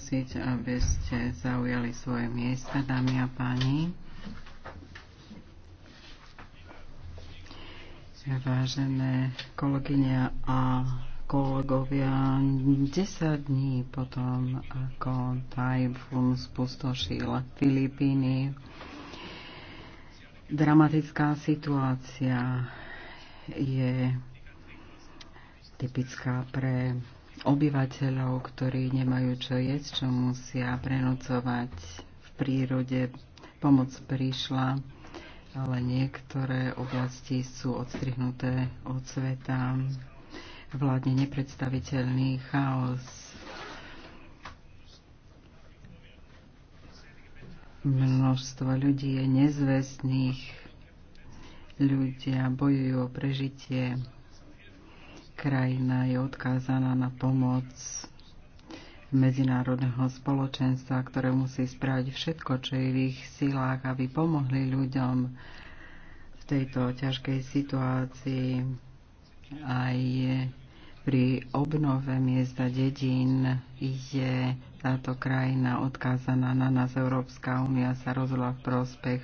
poprosiť, aby ste zaujali svoje miesta, dámy a páni. Vážené kolegyne a kolegovia, 10 dní potom, ako tajfún spustošil Filipíny, dramatická situácia je typická pre obyvateľov, ktorí nemajú čo jesť, čo musia prenocovať v prírode. Pomoc prišla, ale niektoré oblasti sú odstrihnuté od sveta. Vládne nepredstaviteľný chaos. Množstvo ľudí je nezvestných. Ľudia bojujú o prežitie krajina je odkázaná na pomoc medzinárodného spoločenstva, ktoré musí spraviť všetko, čo je v ich silách, aby pomohli ľuďom v tejto ťažkej situácii. Aj pri obnove miesta dedín je táto krajina odkázaná na nás. Európska únia sa rozhodla v prospech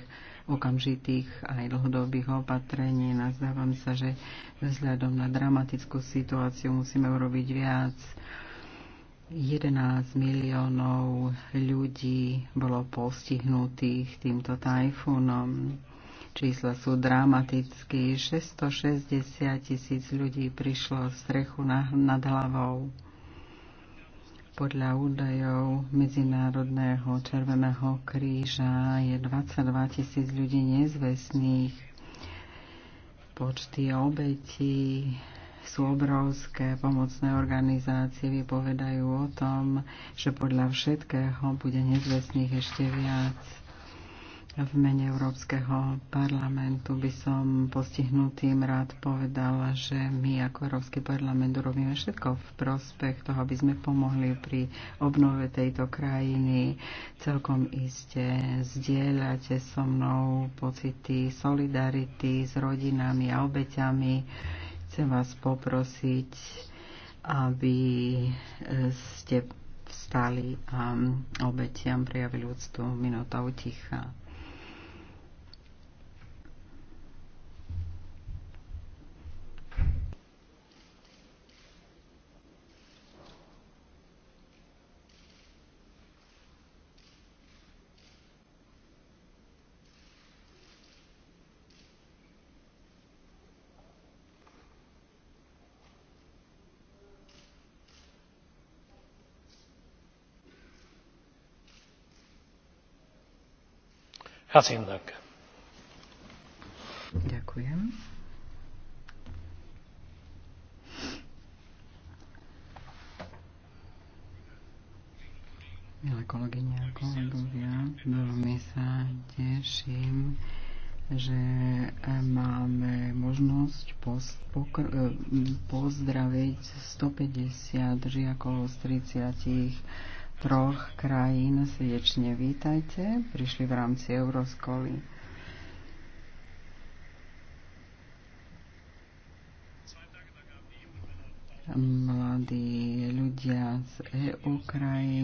okamžitých aj dlhodobých opatrení. Nazdávam sa, že vzhľadom na dramatickú situáciu musíme urobiť viac. 11 miliónov ľudí bolo postihnutých týmto tajfúnom. Čísla sú dramatické. 660 tisíc ľudí prišlo strechu na, nad hlavou. Podľa údajov Medzinárodného Červeného kríža je 22 tisíc ľudí nezvestných. Počty obetí sú obrovské. Pomocné organizácie vypovedajú o tom, že podľa všetkého bude nezvestných ešte viac v mene Európskeho parlamentu by som postihnutým rád povedal, že my ako Európsky parlament urobíme všetko v prospech toho, aby sme pomohli pri obnove tejto krajiny. Celkom iste zdieľate so mnou pocity solidarity s rodinami a obeťami. Chcem vás poprosiť, aby e, ste vstali a obetiam prejavili úctu minúta ticha. Herzlichen Dank. Ďakujem. Milé kolegyne a kolegovia, veľmi sa teším, že máme možnosť eh, pozdraviť 150 žiakov z 30 troch krajín srdečne vítajte. Prišli v rámci Euroskoly. Mladí ľudia z EU krajín.